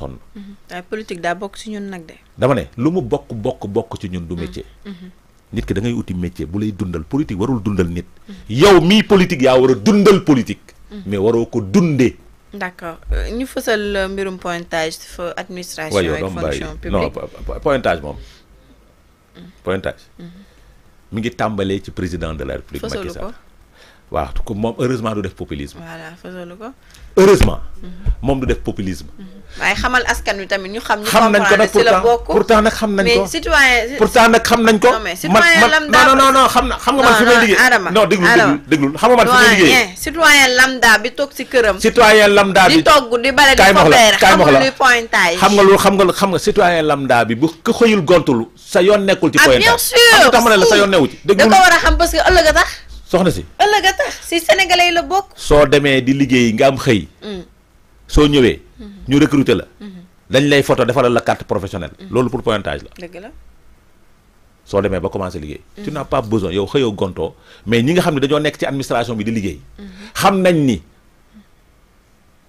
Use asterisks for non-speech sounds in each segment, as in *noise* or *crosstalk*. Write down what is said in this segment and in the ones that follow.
sonn. Mm-hmm. waaye politique daa bokk ci ñun nag de. dama ne lu mu bokk bokk bokk ci ñun du mm-hmm. métier. Mm-hmm. nit ki dangay ngay uti métier bu lay dundal politique warul dundal nit. yow mii politique yaa war a dundal politique. mais waroo ko dundee. d' accord euh, ñu fësal euh, mbirum pointage fa administration. ak fonction publique non pointage moom. pointage. mi ngi tàmbalee ci président de la république. Macky Sall waaw ko moom heureusement du def populisme. voilà fasalu ko. heureusement. Mhm. moom du def populisme. Mhm. waaye xamal askan wi tamit ñu xam. ñu comprendre si la bokk pourtant nag xam nañ ko. mais citoyen pourtant nag xam nañ ko. man man non non xam na xam nga man fi may liggéey. non déglu déglu xam nga man fi may liggéey. Eh, citoyen lambda bi toog si këram. *laughs* citoyen lambda bi di togg di bale di foppeere xamul luy pointage xam nga loolu xam nga xam nga citoyen lambda bi bu ko xëyul gontul sa yoon nekkul ci pointage. ah bien sûr xam nga tax ma ne la sa yoon newu ci. déglu da ko war a xam parce que ëllëg a tax soxna si. ëllëg a tax si sénégalais la bokk. soo demee di liggéey nga am xëy. Mm. soo ñëwee. Mm-hmm. ñu recruter la. Mm-hmm. dañ lay foto defaral la carte professionnelle. Mm. loolu pour pointage la. dëgg soo demee ba commencé liggéey. Mm. tu na pas besoin yow xëyoo gontoo mais ñi nga xam ne dañoo nekk ci administration bi di liggéey. Mm-hmm. xam nañ ni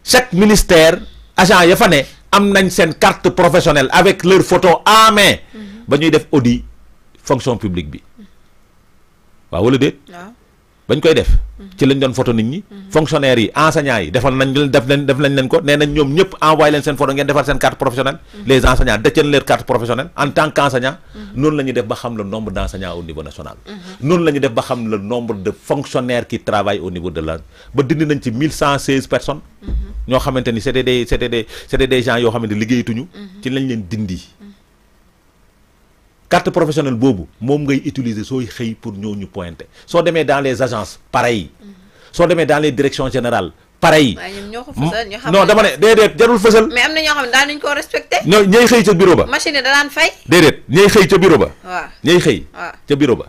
chaque ministère agent ya fa ne am nañ seen carte professionnel avec leur photo en main. ba ñuy def audit fonction publique bi waaw wala déet. bañ koy def ci lañ doon photo nit ñi fonctionnaires yi enseignants yi defal nañ def nañ def nañ ko nee ñoom ñëpp envoyé seen photo ngeen defal seen carte professionnelle mm-hmm. les enseignants détiennent leur carte professionnelle en tant qu'enseignant mm-hmm. noonu la def ba xam mm-hmm. la nombre de fonctionnaires qui travaillent au niveau de la ba dindi nañ ci personnes ñoo xamante ni c'était des c'était des c'était yoo xamante liggéeyatuñu ci lañ leen dindi carte professionnelle bobu mom ngay utiliser soy xey pour ñooñu pointer. so démé dans les agences pareil mm-hmm. so démé dans les directions générales pareil non dama né déedéet jarul fësal. mais amna ño xam ne daan ko respecter respecté. ñay xey ci bureau ba. machine yi da daan fay. déedéet ñay xey ci bureau ba. wa ñay xey ci bureau ba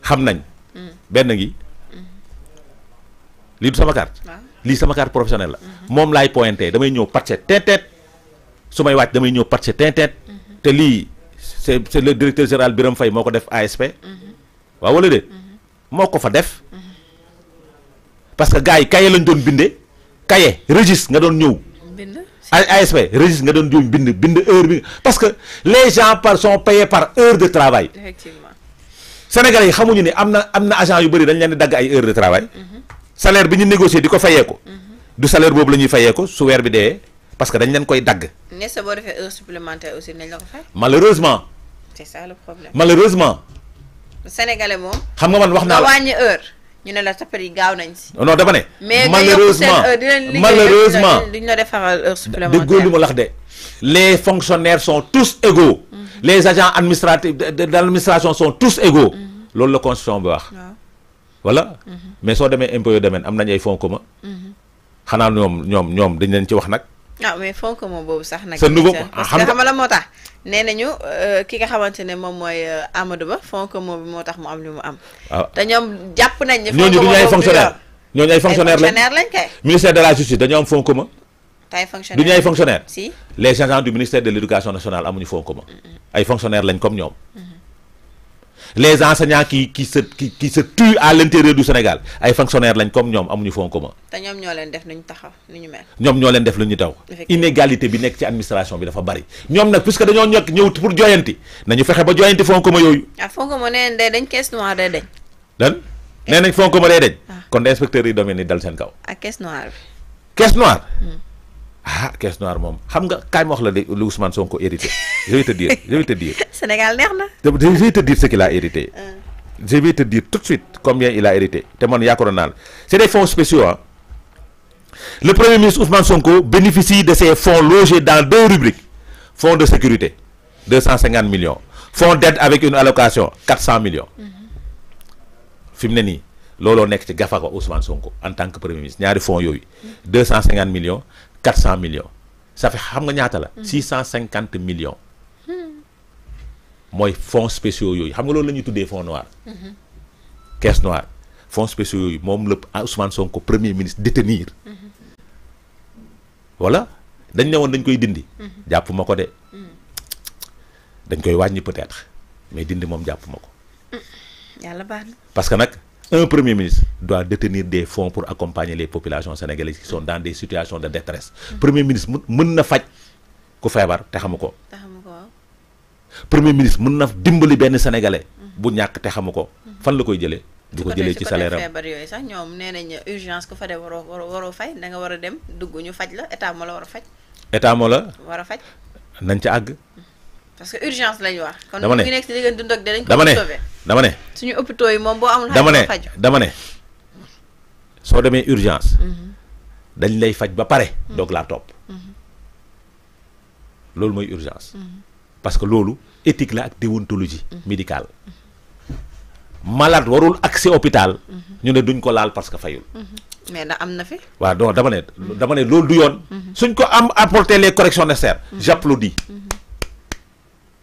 xam nañ. ben ngi mm-hmm. li sama carte. li sama carte professionnelle mom mm-hmm. lay pointer damay ñew pàcce tey sumay wacc damay ñew pàcce te c'est le directeur général Biram Fay moko def ASP wa wala déet moko fa def parce que gars yi kaye lañ doon binde cahier registre nga doon ñëw ASP registre nga doon ñëw bind bind heure bi parce que les gens par sont payés par heure de travail effectivement sénégalais yi xamuñu ni amna amna agent yu bari dañ leen di dagg ay heure de travail mhm. salaire bi ñu négocier diko fayé ko mhm. du salaire bobu lañuy fayé ko su bi dee parce que dañ leen koy dag né sa bo defee heure supplémentaire aussi nañ la ko fay. malheureusement. c'est ça le problème. malheureusement. le sénégalais mom xam nga man wax na la wàññi heure. ñu né la sa yi gaaw nañ ci non dama né malheureusement malheureusement mais la defaral heure supplémentaire de lu ma lax de. les fonctionnaires sont tous égaux. Mhm. les agents administratifs de l'administration sont tous égaux. Mhm. lolou la constitution bi wax. voilà. Mhm. mais so demee impôt domaine am nañ ay fonds communs. xanaa ñom ñom ñoom dañ leen ci wax nak ah mais fonk moom boobu sax nag. sa nouveau parce ah, que xam moo tax. nee nañu euh, ki nga xamante ne moom mooy euh, Amadou Ba fonk moom moo tax mu am li mu am. waaw ah. te ñoom jàpp nañ ne. fonk moom ñooñu ay fonctionnaire ñooñu lañ kay. ministère de la justice dañoo am fonk ma. ay les agents du ministère de l' éducation nationale amuñu fonk ma. ay fonctionnaire lañ comme ñoom. les enseignants qui se tuent à l'intérieur du Sénégal les fonctionnaires sont comme avons amuñu fonds commun. te ñoom fait def Nous ñu fait ñu mel. def lu ñu taw. inégalité bi ci administration bi bari nak puisque fait pour joyanti nañu Nous ba joyanti ah ils dañ noire dañ. dañ. kon yi caisse noire. Ah. Ah, caisse noire ah question noire mon. xam nga kay que wax la lu Ousmane Sonko hérité je vais te dire je vais te dire. *laughs* Sénégal neex je vais te dire ce qu'il a hérité. Ah. je vais te dire tout de suite combien il a hérité té man yakoronal c'est des fonds spéciaux hein. le premier ministre Ousmane Sonko bénéficie de ces fonds logés dans deux rubriques fonds de sécurité 250 millions fonds d'aide avec une allocation 400 millions. Mhm. fi Lolo ne nii ci gafa Ousmane Sonko en tant que premier ministre des fonds 250 mhm. millions. 400 millions ça fait xam nga 650 mm-hmm. millions. Moi, fonds spéciaux yooyu xam nga loolu la ñuy fonds noir. Mm-hmm. caisse noire fonds spéciaux yooyu le Ousmane Sonko premier ministre détenir. Mm-hmm. voilà dañ ne woon dañ koy dindi. jàpp ma ko de. dañ koy pas peut-être mais dindi moom jàpp ma ko. yàlla baax parce que nag un Premier ministre doit détenir des fonds pour accompagner les populations sénégalaises qui sont dans des situations de détresse mhm. Premier ministre mën na faj ku febar te xamuko. Premier ministre mën na dimbali ben sénégalais mhm. bu ñak te xamuko. Mhm. fan la koy jëlee du ko jëlee ci salaire am feebar yooyu sax ñom nenañ nañ urgence ku fa dé waro waro fay da nga wara dem dugg ñu faj la état mo la wara a état mo la Wara a nañ ci ag. parce que urgence lañ wax kon ñu nekk si diggante dund ak dañ ko sauver dama ne. suñu hôpitaux yi moom boo amul. dama ne dama ne so démé urgence. Mhm. dañ lay faj ba pare. Mhm. Donc laa topp. Mhm. lolou moy urgence. parce que loulou éthique la ak déontologie médicale. malade warul accès hôpital. ñu ne duñ ko laal parce que fayul. mais na am fi. Wa do dama ne dama ne lolou du yoon. suñ ko am apporter les corrections nécessaires. j'applaudis.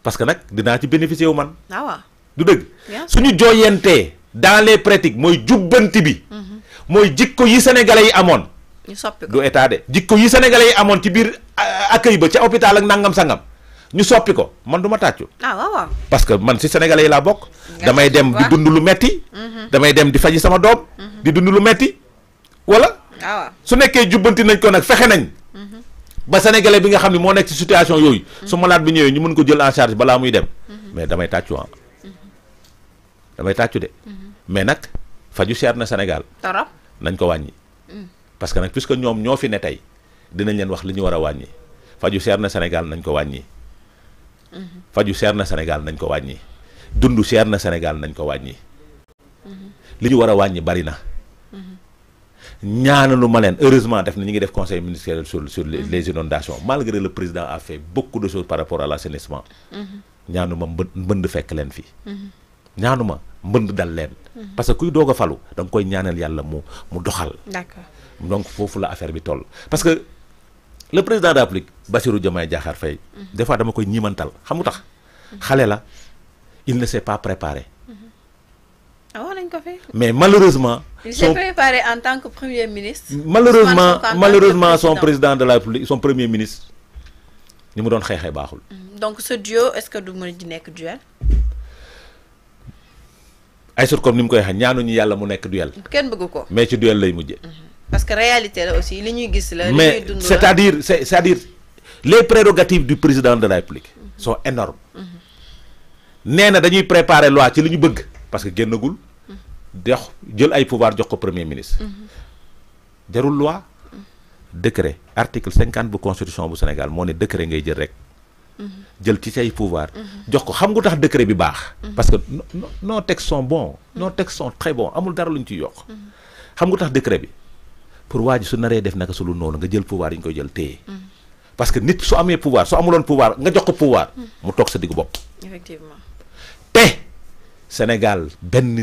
parce que nak dina ci bénéficier wu ah du deug suñu joyenté dans les pratiques moy jubanti bi moy mm-hmm. jikko yi sénégalais yi amone ñu soppi ko du état dé jikko yi sénégalais yi amone ci bir accueil ba ci hôpital ak nangam sangam ñu soppi ko man duma tàccu ah waaw parce que man ci sénégalais yi laa damay dem di dund lu metti mm-hmm. damay dem di faji sama dom mm-hmm. di dund lu metti wala ah, su nekké jubbanti nañ ko nak fexé nañ ba sénégalais bi nga xamni mo nek ci situation yoy su malade bi ñëwee ñu mën ko jël en charge bala muy dem mais damay tàccu ah. damay tàccu de. Mhm. mais nag faju seer na Sénégal. torop nañ ko wàññi. Mm. parce que nag puisque ñoom ñoo fi ne tey dinañ leen wax li ñu war a wàññi faju seer na Sénégal nañ ko wàññi. Mhm. faju seer na Sénégal nañ ko wàññi dund seer na Sénégal nañ ko wàññi. Mhm. li ñu war a wàññi bari na. ñaanalu ma leen heureusement def na ñu ngi def conseil ministériel sur sur les inondations malgré le président a fait beaucoup de choses par rapport à l'assainissement. ñaanu ma mbë fekk leen fii. ñaanuma mbënd dal leen. Mhm. parce que kuy doog a falu da koy ñaanal yàlla mu mu doxal. d'accord donc foofu la affaire bi toll parce que le président de la République Bassirou Diomaye Diakhar Faye. Mhm. des dama koy ñimantal xamu tax. Mhm. xale la il ne s'est pas préparé. Ah, Mais malheureusement. Il s'est préparé en tant que Premier ministre. Malheureusement, malheureusement son président de la République, son Premier ministre, il me donne Donc ce duo, est-ce que vous voulez ay comme ni mu koy waxee ñu yàlla mu nekk duel. kenn bëgg ko mais ci duel lay mujjee. Mhm. parce que réalité la aussi li ñuy gis la. li ñuy dund la mais c' est à dire c' est à dire les prérogatives du président de la république. Mhm. soo énormes mhm. nee na dañuy préparer loi ci li ñu bëgg parce que génnagul. jox jël ay pouvoir jox ko premier ministre. jarul loi. décret article cinquante bu constitution bu Sénégal moo ne décret ngay jël rek. jël ci say pouvoir jox ko xam nga tax décret bi baax parce que nos textes sont bons nos textes sont très bons amul dara luñ ci yok xam nga tax décret bi pour waji su naree def naka su lu noonu nga jël pouvoir yi ñu koy jël té parce que nit su amé pouvoir su amuloon pouvoir nga jox ko pouvoir mu tok sa diggu bop effectivement té Sénégal ben